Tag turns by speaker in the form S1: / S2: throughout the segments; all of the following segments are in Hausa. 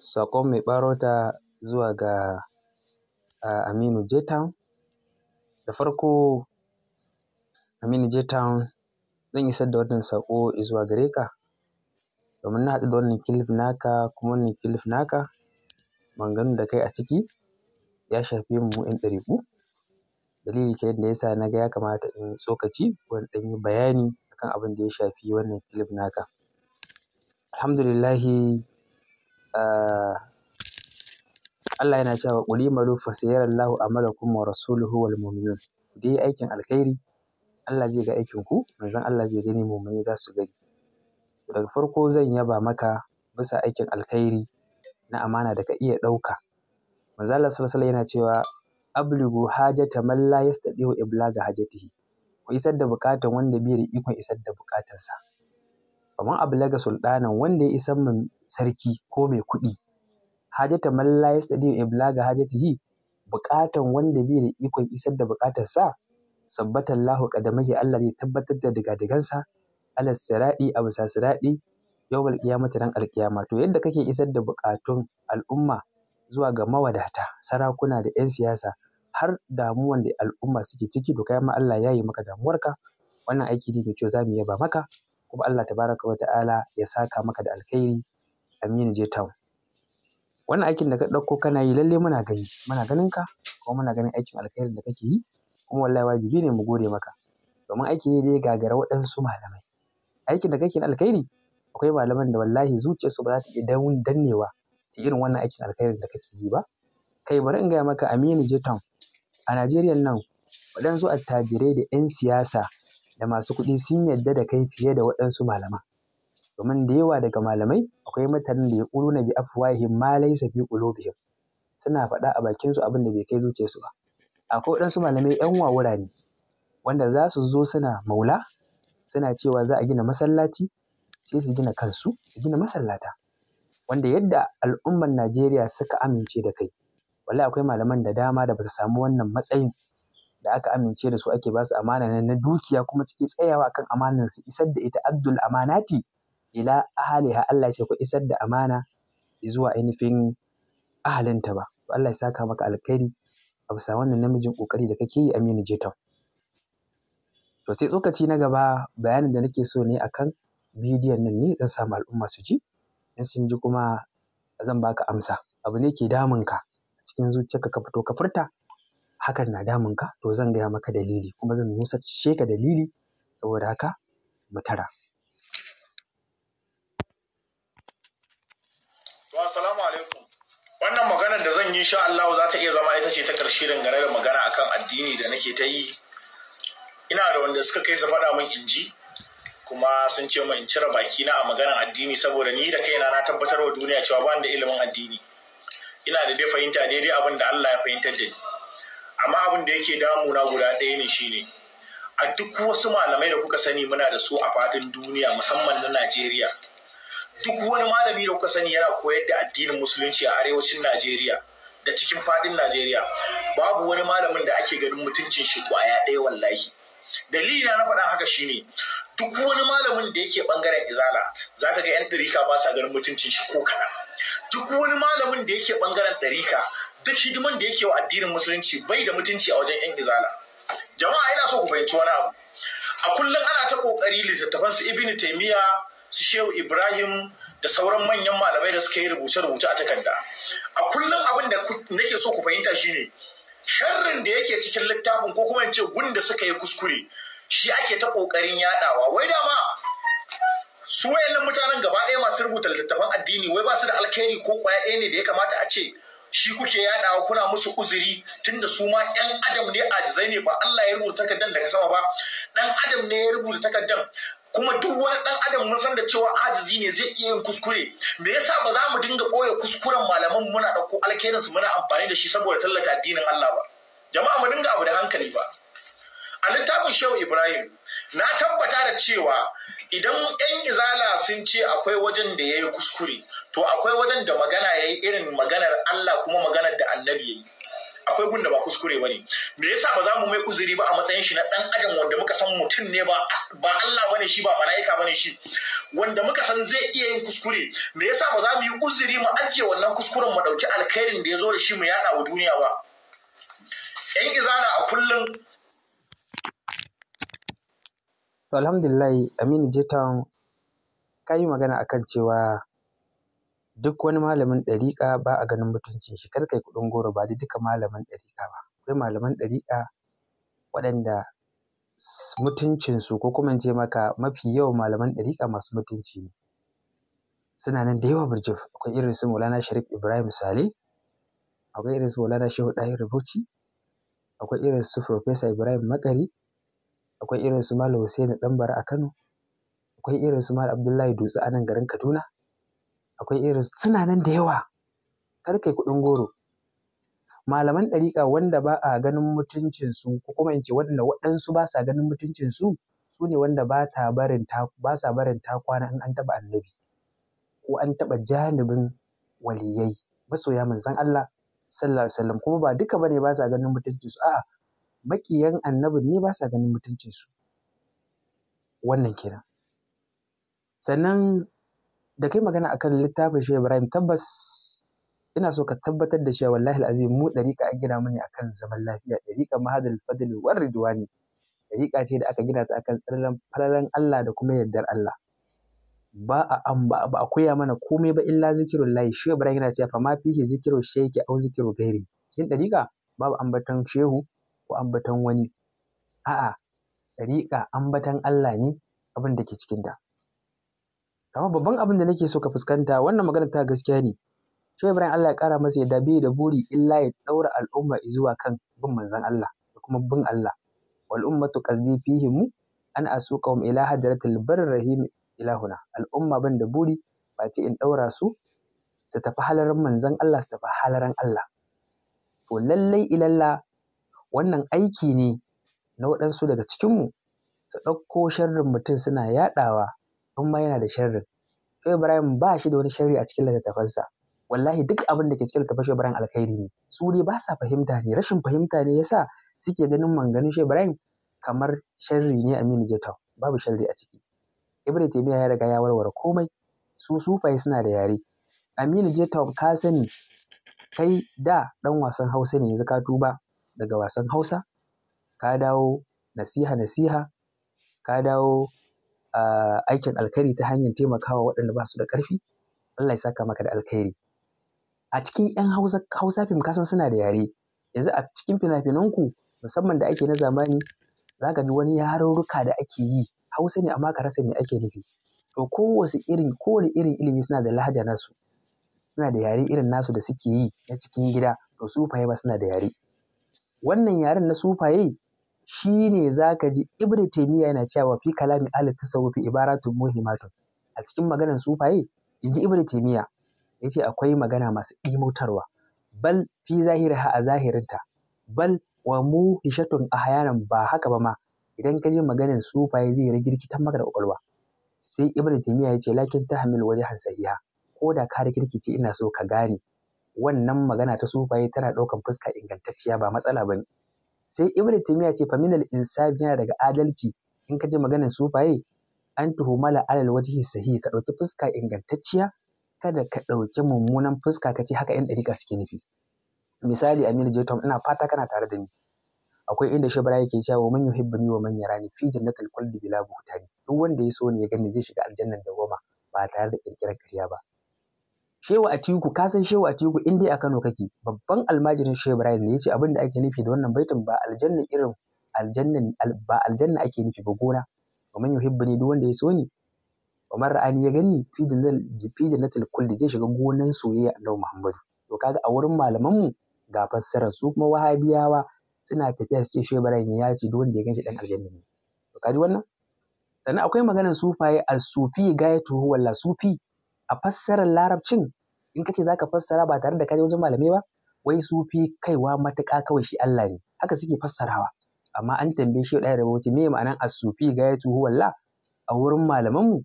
S1: Saƙon mai ɓarota zuwa ga uh, Aminu J-Town. Da farko Aminu J-Town zan isar da wannan saƙo zuwa gare ka. Domin na haɗu da wannan kilif naka kuma wannan kilif naka maganganun da kai a ciki ya shafi mu 'yan ɗariƙu. Dalili ke da yasa na ga ya kamata in tsokaci wani ɗan yi bayani akan abin da ya shafi wannan kilif naka. Alhamdulillahi Ah, Allah yana cewa qul imalu fa sayarallahu amalakum wa rasuluhu wal mu'minun dai aikin alkhairi Allah zai ga aikin ku manzon Allah zai gani mu'mini za su gani daga farko zan yaba maka bisa aikin alkhairi na amana da ka iya ɗauka manzo Allah sallallahu alaihi yana cewa ablugu hajata man la yastati'u iblaga hajatihi ku isar da bukatan wanda bai da ikon isar da bukatansa abu laga sultanan wanda ya isan ma sarki ko mai kuɗi hajata man ya yastadi iblaga yi buƙatan wanda bai da ikon isar da buƙatar sa sabbata lahu qadamahi Allah zai tabbatar da diga-digansa, alas siradi a bisa siradi yawmal qiyamati ran alqiyama to yadda kake isar da buƙatun al'umma zuwa ga mawadata sarakuna da 'yan siyasa har damuwan da al'umma suke ciki to kai ma Allah ya yi maka damuwarka wannan aiki ne mai kyau za mu yaba maka kuma Allah tabaraka wa ta'ala ya saka maka da alkhairi Aminu je Town wannan aikin da ka ɗauko kana yi lalle muna gani muna ganin ka kuma muna ganin aikin alkhairin da kake yi kuma wallahi wajibi ne mu gode maka domin aiki ne da ya gagara waɗansu malamai aikin da kake na alkhairi akwai malaman da wallahi su ba za ta iya dannewa ta irin wannan aikin alkhairin da kake yi ba kai bari in gaya maka Aminu je Town a Najeriya nan waɗansu attajirai da 'yan siyasa da masu kuɗi sun yarda da kai fiye da waɗansu malaman. Domin da yawa daga malamai akwai mutanen da ya na bi afwahihim ma laisa fi ƙulubihim Suna faɗa a bakinsu abin da bai kai su ba. Akwai waɗansu malamai 'yan wawura ne wanda za su zo suna maula suna cewa za a gina masallaci sai su gina kansu su gina masallata. Wanda yadda al'ummar Najeriya suka amince da kai. Wallahi akwai malaman da dama da ba su samu wannan matsayin da aka amince da su ake ba su amana na dukiya kuma suke tsayawa akan amanar su isar da ita Abdul amanati ila ahaliha Allah ya ku isar da amana zuwa ainihin ahalinta ba Allah ya saka maka alkhairi a bisa wannan namijin kokari da kake yi Aminu Jeton to sai tsokaci na gaba bayanin da nake so ne akan bidiyon nan ne zan samu al'umma su ji in sun ji kuma zan baka amsa abu ne ke damun ka cikin zuciyarka ka fito ka furta hakan na damun ka to zan gaya maka dalili kuma zan nusasce ka dalili saboda haka mu tara
S2: to assalamu alaikum wannan maganar da zan yi sha Allah za ta iya zama ita ce ta karshe dangane da magana akan addini da nake ta yi ina da wanda suka kai su faɗa min inji kuma sun ce min in cire baki na a maganar addini saboda ni da kaina na tabbatar wa duniya cewa ba ni da ilimin addini ina da dai fahimta daidai abin da Allah ya fahimtar da ni amma abin da yake damuna guda ɗaya ne shine a duk wasu malamai da kuka sani muna da su a faɗin duniya musamman na Najeriya duk wani malami da kuka sani yana koyar da addinin musulunci a arewacin Najeriya da cikin faɗin Najeriya babu wani malamin da ake ganin mutuncin shi kwaya ɗaya wallahi dalilina na faɗa haka shine duk wani malamin da yake bangaren izala za ka ga yan ɗarika ba sa ganin mutuncin shi ko kaɗan duk wani malamin da yake bangaren ɗarika duk hidiman da yake wa addinin musulunci bai da mutunci a wajen yan izala jama'a yana so ku fahimci wani abu a kullum ana ta kokari littattafan su ibnu taymiya su shehu ibrahim da sauran manyan malamai da suka yi rubuce-rubuce a takarda a kullum abin da nake so ku fahimta shi shine sharrin da yake cikin littafin ko kuma ce gunda suka yi kuskure shi ake ta kokarin yaɗawa, wai dama su wayannan mutanen gaba ɗaya masu rubuta littattafan addini wai ba su da alkhairi ko kwaya ɗaya ne da ya kamata a ce shi kuke yaɗawa kuna musu uzuri tunda su ma yan adam ne ajizai ne ba Allah ya rubuta takardar daga sama ba ɗan adam ne ya rubuta takardan. kuma duk wani ɗan adam mun san da cewa ajizi ne zai iya yin kuskure me yasa ba za mu dinga boye kuskuren malaman muna dauko alkhairin su muna amfani da shi saboda tallata addinin Allah ba jama'a mu dinga abu da hankali ba a littafin shehu ibrahim na tabbata da cewa idan 'yan izala sun ce akwai wajen da ya yi kuskure to akwai wajen da magana ya yi irin maganar allah kuma maganar da annabi ya yi akwai gun da ba kuskure ba ne me yasa ba za mu mai uzuri ba a matsayin shi na dan adam wanda muka san mutum ne ba ba Allah bane shi ba mala'ika bane shi wanda muka san zai iya yin kuskure me yasa ba za mu yi uzuri mu ajiye wannan kuskuren mu dauki alkhairin da ya zo da shi mu yada wa duniya ba yan izana a kullum
S1: alhamdulillahi Aminu Jeton ka yi magana akan cewa duk wani malamin ɗariƙa ba a ganin mutuncin shi kar kuɗin goro ba duka malamin ɗariƙa ba akwai malaman ɗariƙa waɗanda mutuncinsu ko kuma in ce maka mafi yawan malaman ɗariƙa masu mutunci ne suna nan da yawa burjif akwai irin su Maulana Sharif Ibrahim Sale akwai irin su Maulana Shehu Ɗahiru Bauchi akwai irin su professor Ibrahim Makari akwai irin su Malam Hussein Ɗanbare a Kano, akwai irin su Malam Abdullahi Dutse a nan garin Kaduna, akwai irin suna nan da yawa kar kai kuɗin goro. Malaman ɗariƙa wanda ba a ganin mutuncinsu ko kuma in ce wanda waɗansu ba sa ganin mutuncinsu su ne wanda ba ta barin ta sa barin ta kwana in an taɓa annabi ko an taɓa janibin waliyai masoya manzon Allah sallallahu alaihi wasallam kuma ba duka bane ba sa ganin mutuncinsu a'a maƙiyan annabin ne ba sa ganin mutuncinsu wannan kenan sannan da kai magana akan littafin shi ibrahim tabbas ina so ka tabbatar da cewa wallahi azim mu dariƙa an gina mu akan zaman lafiya dariƙa mahadul fadl war ridwani dariƙa ce da aka gina ta akan tsallan falalan Allah da kuma yardar Allah ba a an ba a koya mana komai ba illa zikirun layi shi ibrahim yana cewa fa ma fihi zikiru sheki au zikiru gairi cikin dariƙa babu ambaton shehu ko ambaton wani a'a ɗariƙa ambaton Allah ne abin da ke cikinta amma babban abin da nake so ka fuskanta wannan magana ta gaskiya ne Shehu Ibrahim Allah ya ƙara masa yadda bai da buri illa ya ɗaura al'umma zuwa kan bin manzon Allah da kuma bin Allah wal ummatu qasdi fihim an asuqahum ila hadratil barr rahim ilahuna al'umma ban da buri ba in ɗaura su su tafi halaran manzon Allah su tafi halaran Allah to lallai ilalla wannan aiki ne na waɗansu daga cikinmu su ɗauko sharrin mutum suna yaɗawa in ma yana da sharrin Shehu Ibrahim ba shi da wani sharri a cikin littattafansa wallahi duk abin da ke cikin littattafan Shehu Ibrahim alkhairi ne su dai ba sa fahimta ne rashin fahimta ne yasa suke ganin manganin Shehu Ibrahim kamar sharri ne Aminu Jatau babu sharri a ciki Ibn Taymiyyah ya riga ya warware komai su sufaye suna da yare Aminu Jatau ka sani kai da ɗan wasan Hausa ne yanzu ka tuba daga wasan hausa ka dawo nasiha nasiha ka dawo ah, aikin alkhairi ta hanyar taimakawa waɗanda ba su da ƙarfi Allah ya saka maka da alkhairi a cikin 'yan hausa hausa fim kasan suna da yare yanzu a cikin fina-finanku musamman da ake na zamani za ka ji wani yarurruka da ake yi hausa ne amma ka rasa me ake nufi to kowace irin kowane irin ilimi suna da lahaja nasu suna da yare irin nasu da suke yi na cikin gida to su fa suna da yare wannan yaren na sufaye shi ne za ka ji ibn taimiyya yana cewa fi kalami ahli tasawufi ibaratun muhimmatun a cikin maganar sufaye in ji ibn ya ce akwai magana masu ɗimautarwa bal fi zahiriha a zahirinta bal wa muhishatun hayanan ba haka ba ma idan ka ji maganar sufaye zai rigirkitan maka da kwakwalwa sai ibn ya ce lakin tahmil wajhan sahiha ko da ka rikirkice ina so ka gane wannan magana ta sufaye tana ɗaukan fuska ingantacciya ba matsala ba ne sai ibn taymiya ce minal insafi yana daga adalci in ka ji maganar sufaye an tuhumala alal wajhi sahi ka ɗauki fuska ingantacciya kada ka ɗauki mummunan fuska ka ce haka yan ɗariƙa suke nufi misali Aminu Tom ina fata kana tare da ni akwai inda Shebra yake cewa man yuhibbuni wa man yarani fi jannatil kulli bila buhtani duk wanda ya so ne ya gani zai shiga aljannan dawwama ba tare da kirkirar ƙarya ba Shehu Atiku ka san Shehu Atiku in dai a Kano kake babban almajirin Shehu Ibrahim ne yace abin da ake nufi da wannan baitin ba aljanna irin aljanna ba aljanna ake nufi ba gona wa man ne duk wanda ya so ni wa man ra'ani ya ganni fi fi jannatil kulli zai shiga gonan soyayya Allahu Muhammadu to kaga a wurin malaman mu ga fassara su kuma wahabiyawa suna tafiya su ce Shehu Ibrahim ya ce duk wanda ya ganshi dan aljanna ne to kaji wannan sannan akwai maganar sufaye al-sufi gayatu huwa la sufi a fassarar larabcin in kace zaka fassara ba tare da ka je wajen malamai ba wai su fi kaiwa matuƙa kawai shi Allah ne haka suke fassarawa amma an tambaye shi ɗaya rabo ce me ma'anan as-sufi gayatu huwallah a wurin malamanmu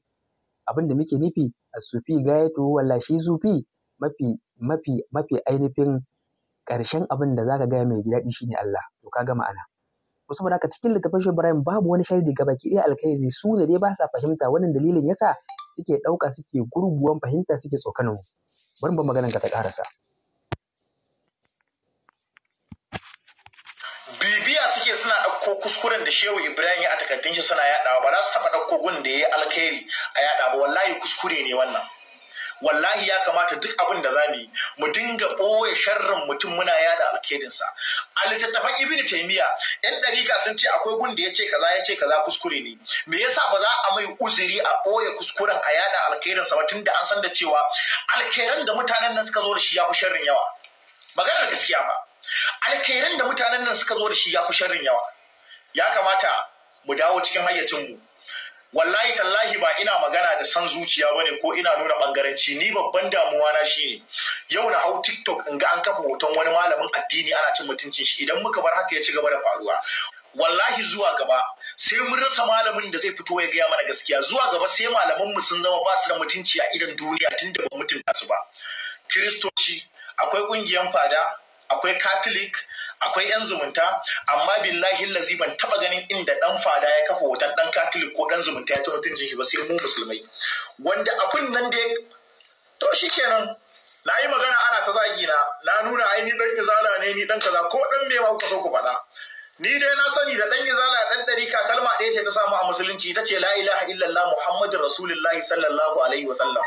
S1: abin da muke nufi as-sufi gayatu huwallah shi sufi mafi mafi mafi ainihin ƙarshen abin da zaka ga mai ji daɗi shine Allah to kaga ma'ana ko saboda haka cikin littafin shi Ibrahim babu wani sharri gabaki ɗaya alkhairi su ne dai ba sa fahimta wannan dalilin yasa suke ɗauka suke gurguwan fahimta suke tsokanin mu bari ba maganan ka ta karasa
S2: bibiya suke suna ɗauko kuskuren da shehu ibrahim a takardun shi suna yaɗawa ba za su taɓa ɗauko gun da ya yi alkhairi a yaɗa ba wallahi kuskure ne wannan wallahi ya kamata duk abin da za mu yi mu dinga ɓoye sharrin mutum muna yada alkedinsa a littattafan ibn taymiya yan ɗarika sun ce akwai gun da ya ce kaza ya ce kaza kuskure ne me yasa ba za a mai uziri a ɓoye kuskuren a yada alkedinsa ba tunda an san da cewa alkeran da mutanen nan suka zo da shi ya fi sharrin yawa maganar gaskiya ba alkeran da mutanen nan suka zo da shi ya fi sharrin yawa ya kamata mu dawo cikin hayyacinmu wallahi tallahi ba ina magana da san zuciya ba ne ko ina nuna bangaranci ni babban damuwa na ne. yau na hau TikTok in ga an kafa hoton wani malamin addini ana cin mutuncin shi idan muka bar haka ya ci gaba da faruwa wallahi zuwa gaba sai mun rasa malamin da zai fito ya gaya mana gaskiya zuwa gaba sai malaman mu sun zama ba su da mutunci a idan duniya tunda ba mutunta su ba kiristoci akwai kungiyan fada akwai catholic akwai yan zumunta amma billahi lazi ban taba ganin inda ɗan fada ya kafa hoton ɗan katolik ko dan zumunta ya ci mutun ba sai mu musulmai wanda abun nan da to shikenan na yi magana ana ta zagi na na nuna ai ni dan izala ne ni dan kaza ko dan me ma kuka so ku faɗa ni dai na sani da ɗan izala dan dariƙa kalma ɗaya ce ta samu a musulunci ita ce la ilaha illallah Muhammadu rasulullahi sallallahu alaihi wa sallam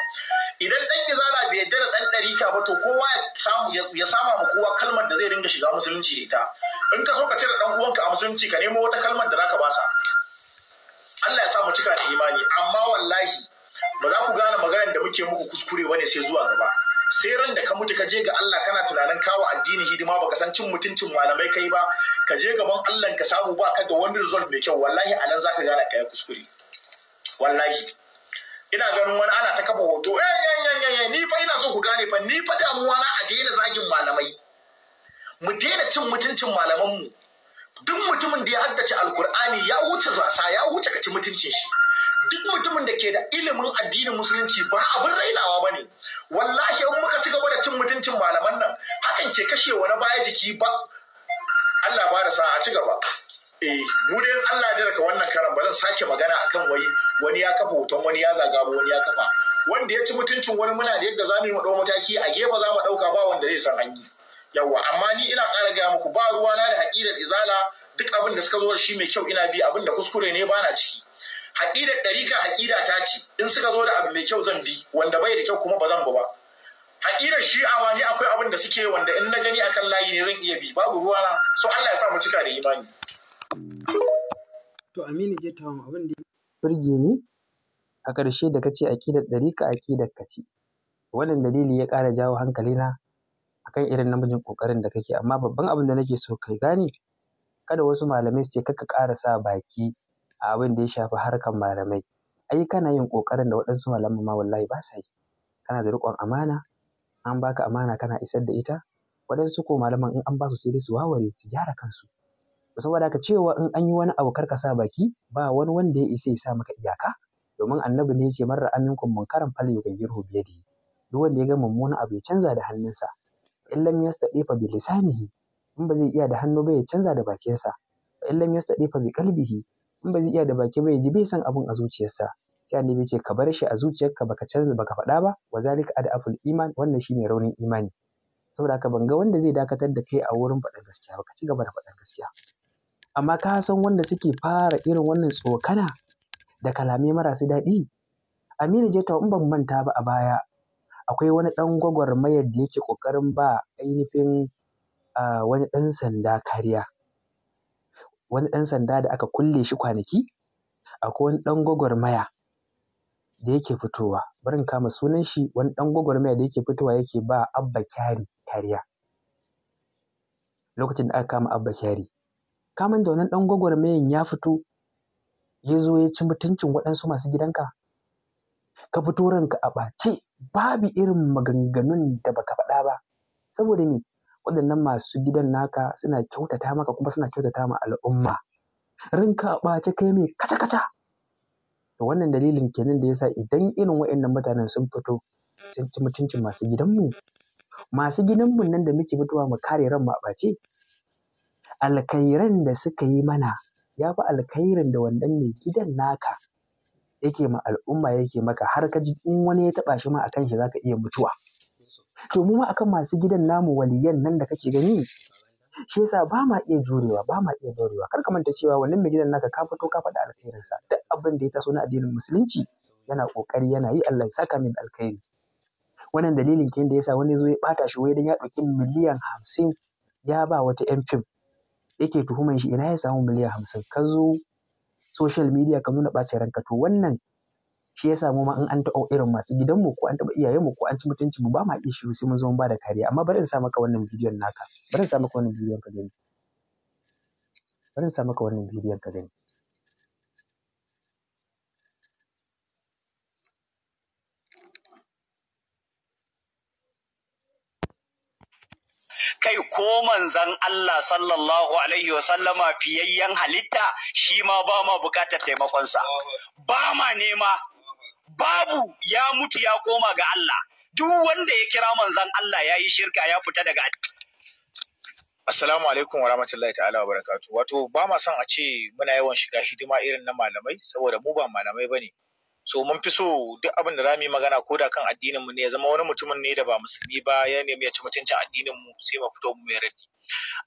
S2: idan ɗan izala bai yarda da dan dariƙa ba to kowa ya samu ya sama ma kowa kalmar da zai ringa shiga musulunci da ita in ka so ka cire dan uwanka a musulunci ka nemo wata kalmar da zaka basa Allah ya sa mu cika da imani amma wallahi ba za ku gane maganar da muke muku kuskure bane sai zuwa gaba sai ran da ka mutu ka je ga Allah kana tunanin kawo addini hidima baka san cin mutuncin malamai kai ba ka je gaban Allah ka samu ba ka ga wani result mai kyau wallahi anan nan zaka gane yi kuskure wallahi ina ganin wani ana ta kafa hoto eh, eh, eh, eh ni fa ina so ku gane fa ni fa damuwa na a daina zagin malamai mu daina cin mutuncin malaman mu duk mutumin da ya haddace alkur'ani ya wuce zasa ya wuce ka ci mutuncin shi duk mutumin da ke da ilimin addinin musulunci ba abin rainawa ba ne wallahi in muka ci gaba da cin mutuncin malaman nan hakan ke kashewa na baya jiki ba Allah ba da sa a ci gaba eh mu dai Allah ya daraka wannan karan ba zan sake magana akan wai wani ya kafa hoton wani ya zaga wani ya kafa wanda ya ci mutuncin wani muna da yadda zamu yi mu mataki a gefe za mu ɗauka ba wanda zai san an yi yawwa amma ni ina ƙara gaya muku ba ruwa na da haƙidar izala duk abin da suka zo da shi mai kyau ina bi abin da kuskure ne bana ciki haƙidar ɗarika haƙida ta ci in suka zo da abu mai kyau zan bi wanda bai da kyau kuma ba zan bi ba haƙidar shi'a ma ni akwai abin da suke wanda in na gani akan layi ne zan iya bi babu ruwa na so Allah ya sa mu cika da imani
S1: to Aminu je tawon abin da burge ni a ƙarshe da kace aƙidar ɗarika aƙida ka ce wannan dalili ya ƙara jawo hankalina akan irin namijin ƙoƙarin da kake amma babban abin da nake so kai gane kada wasu malamai su ce kaka ƙara sa baki A abin da ya shafi harkar malamai ai kana yin ƙoƙarin da waɗansu malaman ma wallahi ba sa yi kana da riƙon amana an baka amana kana isar da ita waɗansu ko malaman in an ba su sai dai su waware su gyara kansu saboda haka cewa in an yi wani abu kar ka sa baki ba wani wanda ya isa ya sa maka iyaka domin annabi ne ya ce marar aminkum munkaran fal yughayyirhu bi yadihi duk wanda ya ga mummunan abu ya canza da hannunsa in lam yastati fa bi lisanihi in ba zai iya da hannu ba ya canza da bakinsa in lam yastati fa bi qalbihi in ba zai iya da baki ba ya ji bai san abin a zuciyarsa sai annabi ce ka bar shi a zuciyarka baka canza baka faɗa ba wa zalika adaful iman wannan shine raunin imani saboda haka ban ga wanda zai dakatar da kai a wurin faɗan gaskiya ba ka ci gaba da faɗan gaskiya amma ka san wanda suke fara irin wannan tsokana da kalamai marasu daɗi Aminu je ta in ban manta ba a baya akwai wani ɗan gwagwarmayar da yake ƙoƙarin ba ainihin ah, wani ɗan sanda kariya wani ɗan sanda da aka kulle shi kwanaki akwai wani ɗan gwagwarmaya da yake fitowa Barin in kama sunan shi wani ɗan gwagwarmaya da yake fitowa yake ba abba kyari kariya lokacin da aka kama abba kyari kaman da wannan ɗan gwagwarmayan ya fito ya zo ya ci mutuncin waɗansu masu gidanka ka fito ranka a ɓace babu irin maganganun da baka faɗa ba saboda me waɗannan masu gidan naka suna kyautata maka kuma suna kyautata ma al'umma ranka a ɓace kai mai kaca-kaca to wannan dalilin kenan da yasa idan irin waɗannan mutanen sun fito sun ci mutuncin masu gidanmu masu gidanmu nan da muke fitowa mu kare ranmu a ɓace alkhairan da suka yi mana ya fi alkhairin da wannan mai gidan naka yake ma al'umma yake maka har ka ji in wani ya taɓa shi ma a kan shi za ka iya mutuwa To mu ma akan masu gidan namu waliyan nan da kake gani shi yasa ba ma iya jurewa ba ma iya daurewa kar ka manta cewa wannan mai gidan naka ka fito ka faɗi sa, duk abin da ya taso na addinin musulunci yana kokari yana yi Allah ya saka min alkhairi wannan dalilin ke da yasa wani zo ya ɓata shi wai dan ya ɗauki miliyan hamsin ya ba wata yan fim yake tuhuman shi ina ya samu miliyan hamsin ka zo social media ka nuna ɓacin ranka to wannan shi ya mu ma in an taɓa irin masu gidanmu ko an taɓa iyayenmu ko an ci mutuncinmu ba ma iya shiru sai mun zo mun ba da kariya amma bari in sa maka wannan bidiyon naka bari in sa maka wannan bidiyon ka gani bari in sa maka wannan bidiyon ka gani
S2: kai ko manzan Allah sallallahu alaihi wa sallama fiyayyen halitta shi ma ba ma bukatar taimakonsa ba ma nema babu ya mutu ya koma ga Allah duk wanda ya kira manzon Allah ya yi shirka ya fita daga Assalamu alaikum wa rahmatullahi ta'ala wa barakatu. Wato ba ma son a ce muna yawan shiga hidima irin na malamai saboda mu ba malamai bane. So mun fi so duk abin da za mu yi magana ko da kan addinin mu ne ya zama wani mutumin ne da ba musulmi ba ya nemi ya ci mutuncin addinin mu sai mu fito mu mai raddi.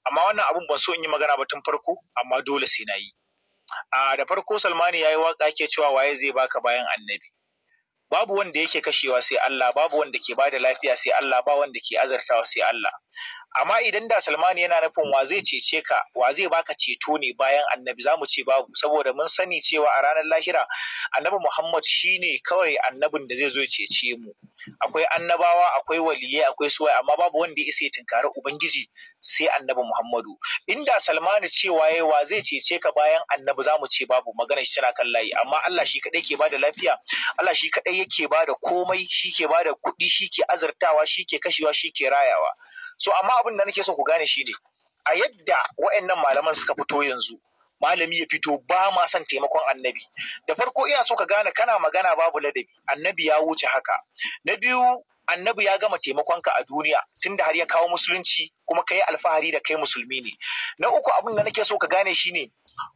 S2: Amma wannan abin ban so in yi magana ba tun farko amma dole sai na yi. A ah, da farko Salmani ya yi waƙa ke cewa waye zai baka bayan annabi. babu wanda yake kashewa sai Allah babu wanda ke bada lafiya sai Allah ba wanda ke azartawa sai Allah amma idan da salmani yana nufin wa zai cece ka wa zai baka ceto ne bayan annabi za mu ce babu saboda mun sani cewa a ranar lahira annabi muhammad shine kawai annabin da zai zo cece mu akwai annabawa akwai waliyai akwai suwai amma babu wanda ya isa ya tunkari ubangiji sai annabi muhammadu inda salmani cewa yayi wa zai cece ka bayan annabi za mu ce babu magana shi tana kan layi amma allah shi kadai ke bada lafiya allah shi kadai yake bada komai shi ke bada kuɗi shi ke azurtawa shi ke kashewa shi ke rayawa so amma abin da nake so ku gane shi ne a yadda wa'annan malaman suka fito yanzu malami ya fito ba ma son taimakon annabi da farko ina so ka gane kana magana babu ladabi annabi ya wuce haka na biyu annabi ya gama taimakon ka a duniya tunda har ya kawo musulunci kuma kai alfahari da kai musulmi ne na uku abin da nake so ka gane shi ne,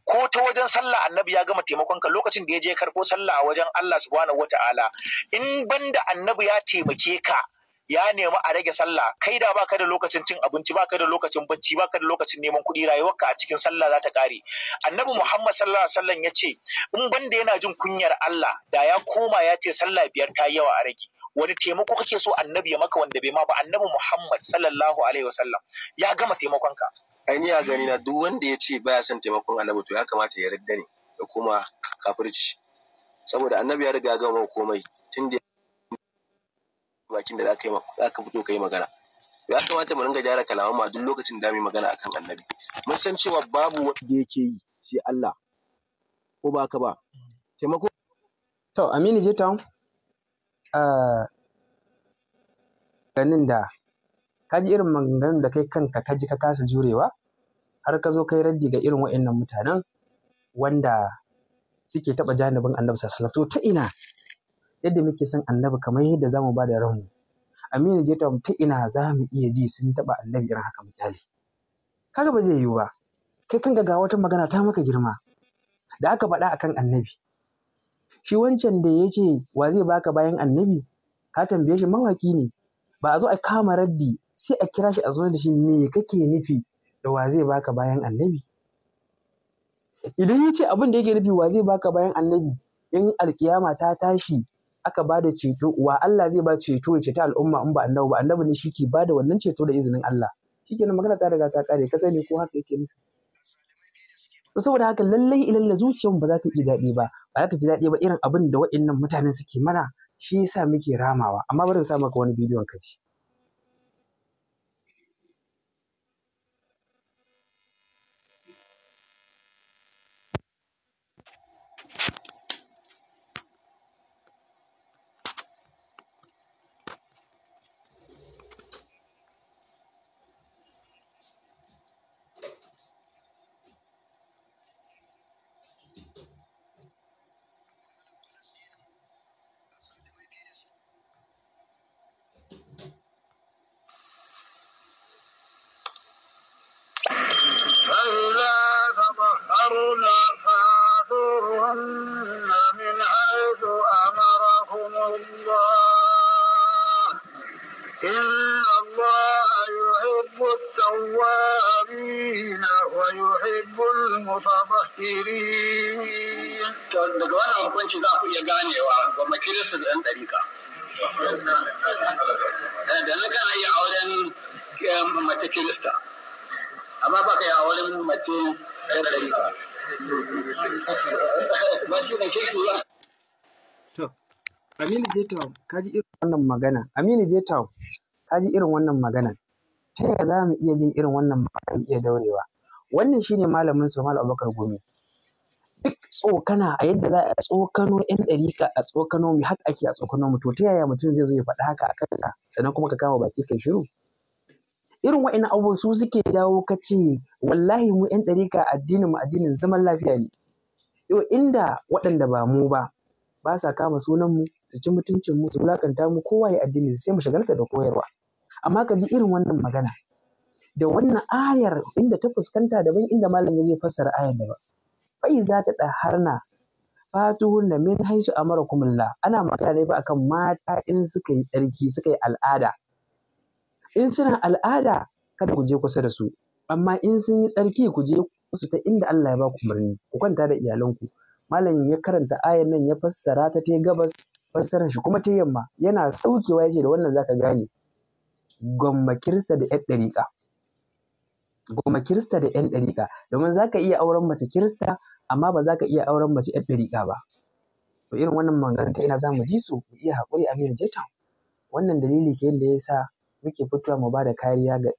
S2: ko ta wajen sallah annabi ya gama taimakonka lokacin da ya je karɓo sallah a wajen Allah subhanahu wata'ala in banda annabi ya taimake ka ya nemi a rage sallah kai da baka da lokacin cin abinci baka da lokacin bacci baka da lokacin neman kuɗi rayuwarka a cikin sallah za ta ƙare annabi muhammad sallallahu alaihi wasallam ya ce in banda yana jin kunyar allah da ya koma ya ce sallah biyar ta yawa a rage wani taimako kake so annabi ya maka wanda bai ma ba annabi muhammad sallallahu alaihi wasallam ya gama taimakonka aini a gani na duk wanda ya ce baya son taimakon annabi to ya kamata ya yarda ne da kuma kafirci saboda annabi ya riga gama komai tun da bakin da za ka fito ka yi magana ya kamata mu ringa gyara kalaman ma duk lokacin da mu magana akan annabi mun san cewa babu wanda yake yi sai Allah ko ba ka ba
S1: taimako to Aminu ganin da ka ji irin maganganun da kai kanka ka ji ka kasa jurewa har ka zo kai raddi ga irin waɗannan mutanen wanda suke taɓa janibin annabi sallallahu alaihi wasallam to ta ina yadda muke son annabi kamar yadda za mu ba da ranmu aminu je ta ta ina za mu iya ji sun taba annabi irin haka misali kaga ba zai yiwu ba kai kanka ga wata magana ta maka girma da aka faɗa akan annabi shi wancan da ya ce wa zai baka bayan annabi ka tambaye shi mawaki ne ba a zo a kama raddi sai a kira shi a zo da shi me kake nufi da wa zai baka bayan annabi idan ya ce abin da yake nufi wa zai baka bayan annabi in alkiyama ta tashi aka ba da ceto wa Allah zai ba ceto ya ceta al'umma in ba annabi ba annabi ne shi ke ba da wannan ceto da izinin Allah shikenan magana ta riga ta kare ka sani ko haka yake nufi to saboda haka lallai lalle zuciyar ba za ta yi daɗi ba ba za ta ji daɗi ba irin abin da waɗannan mutanen suke mana shi yasa muke ramawa amma barin sa maka wani bidiyon ka Aminu Jetown, ka ji irin wannan magana. Aminu ka ji irin wannan magana. Ta yaya za mu iya jin irin wannan magana iya daurewa? Wannan shine malamin su Malam Abubakar Gumi. Duk tsokana a yadda za a tsokano 'yan ɗarika a tsokano mu haka ake a tsokano mu to ta yaya mutum zai zo ya faɗi haka a kanka sannan kuma ka kama baki kai shiru? Irin wa'innan abubuwan su suke jawo kace wallahi mu 'yan ɗarika addinin mu addinin zaman lafiya ne. Yau inda waɗanda ba mu ba ba sa kama sunanmu su ci mutuncinmu su wulaƙanta mu kowa ya addini sai mu shagalta da koyarwa. Amma ka ji irin wannan magana da wannan ayar inda ta fuskanta daban inda malam ya zai fassara ayar daban. Fa'i za ta harna fatuhun na min haisu amara kumulla ana magana ne ba akan mata in suka yi tsarki suka yi al'ada. In suna al'ada kada ku je kusa da su amma in sun yi tsarki ku je su ta inda Allah ya ba ku umarni ku kwanta da iyalanku malam ya karanta ayan nan ya fassara ta ta gabas fassarar shi kuma ta yamma yana saukewa yace da wannan zaka gane gwamma kirista da yan ɗariƙa gomma kirista da yan ɗariƙa domin zaka iya auren mace kirista amma ba zaka iya auren mace yan ɗariƙa ba to irin wannan maganganun ta ina za mu ji su mu iya haƙuri a mai jeta wannan dalili ke da ya sa muke fitowa mu bada kariya ga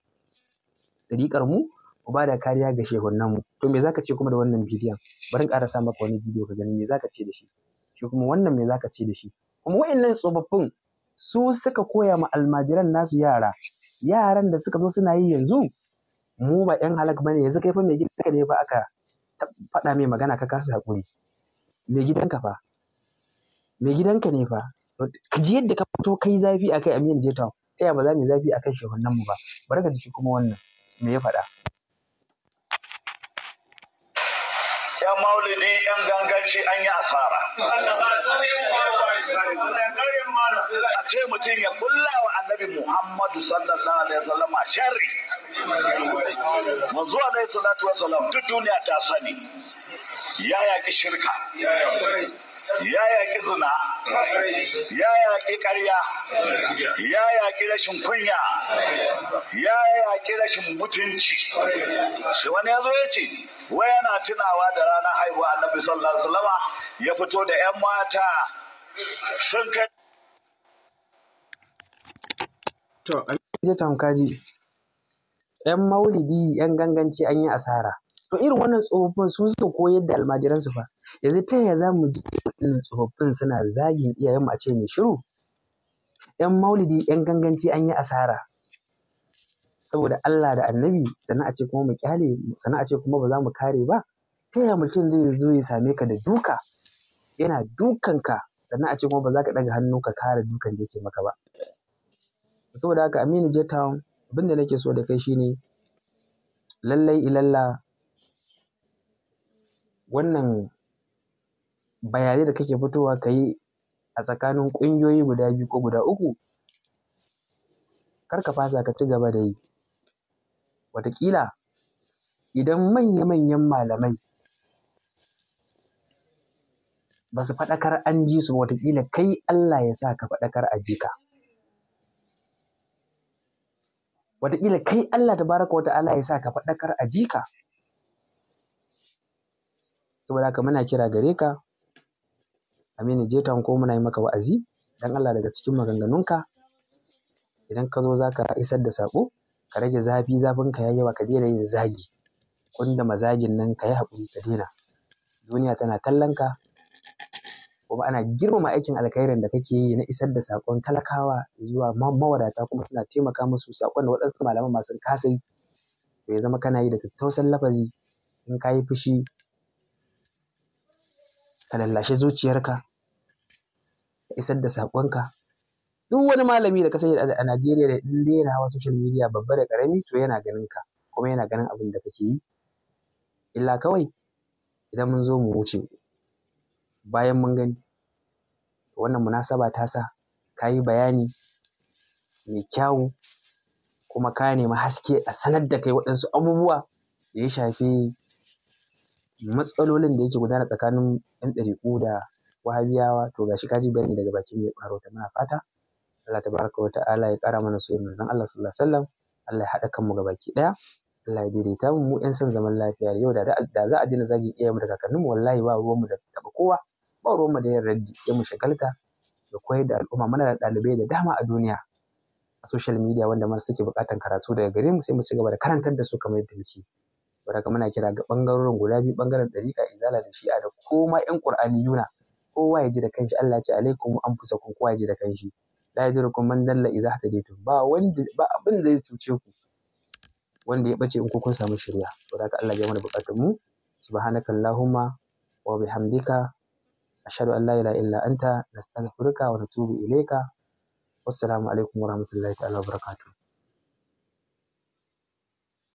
S1: ɗariƙar mu mu ba da kariya ga shehunan mu to me zaka ce kuma da wannan bidiyon bari in ƙara sa maka wani bidiyo ka gani me zaka ce da shi shi kuma wannan me zaka ce da shi kuma wa'annan tsofaffin su suka koya ma almajiran nasu yara yaran da suka zo suna yi yanzu mu ba yan halak bane yanzu kai fa mai gidanka ne ba aka faɗa mai magana ka kasa haƙuri mai gidanka fa mai gidanka ne fa ka ji yadda ka fito kai zafi a akai Aminu jeta ta yaya ba za mu yi zafi kan shehunan mu ba bari ka ji shi kuma wannan me ya faɗa
S2: yan maulidi yan ganganci an yi asara a ce mutum ya kulla wa annabi muhammadu sallallahu alaihi a shari. manzo alaihi salatu wasallam duk duniya ta sani ya yaƙi shirka ya yaƙi zina ya yaƙi ƙarya ya yaƙi rashin kunya ya yaƙi rashin mutunci shi wani ya zo ya ce wai yana tunawa da ranar haihuwa annabi sallallahu alaihi ya fito da 'yan mata sun kai
S1: to an je tamkaji 'yan maulidi 'yan ganganci an yi asara to irin wannan tsofaffin su suka koyar da almajiransu fa yanzu ta yaya za mu ji waɗannan tsofaffin suna zagin iyayenmu a ce mai shiru yan maulidi yan ganganci an yi asara saboda Allah da annabi sannan a ce kuma mu kyale sannan a ce kuma ba za mu kare ba ta yaya mutum zai zo ya same ka da duka yana dukan ka. sannan a ce kuma ba za ka ɗaga hannu ka kare dukan da yake maka ba saboda haka Aminu Jetown abin da nake so da kai shi ne lallai ilalla wannan bayanai da kake fitowa ka yi a tsakanin ƙungiyoyi guda biyu ko guda uku kar ka fasa ka ci gaba da yi wataƙila idan manya-manyan malamai ba su faɗakar an ji su wataƙila kai Allah ya sa ka faɗakar a jika wataƙila kai Allah ta baraka wata Allah ya sa ka faɗakar a jika saboda haka muna kira gare ka Aminu Jeton ko muna yi maka wa'azi dan Allah daga cikin maganganunka idan ka zo za ka isar da sako ka rage zafi zafin ka yayyawa yawa ka daina yin zagi kunda mazagin nan ka yi haƙuri ka daina duniya tana kallon ka kuma ana girmama aikin alkhairin da kake yi na isar da sakon talakawa zuwa mawadata kuma suna taimaka musu sakon da waɗansu malaman masu kasa yi to ya zama kana yi da tattausan lafazi in ka yi fushi ka lallashe zuciyarka ka isar da saƙonka duk wani malami da ka sani a Najeriya da in dai yana hawa social media babba da ƙarami to yana ganin ka kuma yana ganin abin da kake yi illa kawai idan mun zo mu wuce bayan mun gani wannan munasaba ta sa ka yi bayani mai kyawu kuma ka nemi haske a sanar da kai waɗansu abubuwa da ya shafi matsalolin da yake gudana tsakanin 'yan ɗariƙu da wahabiyawa to gashi kaji bayani daga bakin mai ƙwaro ta muna fata Allah tabaraka wa ta'ala ya ƙara mana soyayyar manzon Allah sallallahu alaihi wasallam Allah ya haɗa kanmu ga baki ɗaya Allah ya daidaita mu mu 'yan son zaman lafiya yau da da za a daina zagin iyayenmu da kakanninmu wallahi ba ruwanmu da taɓa kowa ba ruwanmu da yin raddi sai mu shagalta da koyar da al'umma muna da ɗalibai da dama a duniya a social media wanda ma suke buƙatar karatu daga gare mu sai mu ci gaba da karantar da su kamar yadda muke Baraka muna kira ga ɓangarorin guda biyu ɓangaren ɗariƙa izala da shi'a da koma ƴan ƙur'ani yuna kowa ya ji da kanshi Allah ce alaikum an fusa kun kowa ya ji da kanshi la yajurukum man dalla iza hatadaytum ba wanda ba abin da zai cuce ku wanda ya bace in ku kun samu shirya to da Allah ya mana bukatun mu subhanaka allahumma wa bihamdika ashhadu an la ilaha illa anta nastaghfiruka wa natubu ilayka wassalamu alaikum wa rahmatullahi ta'ala wa barakatuh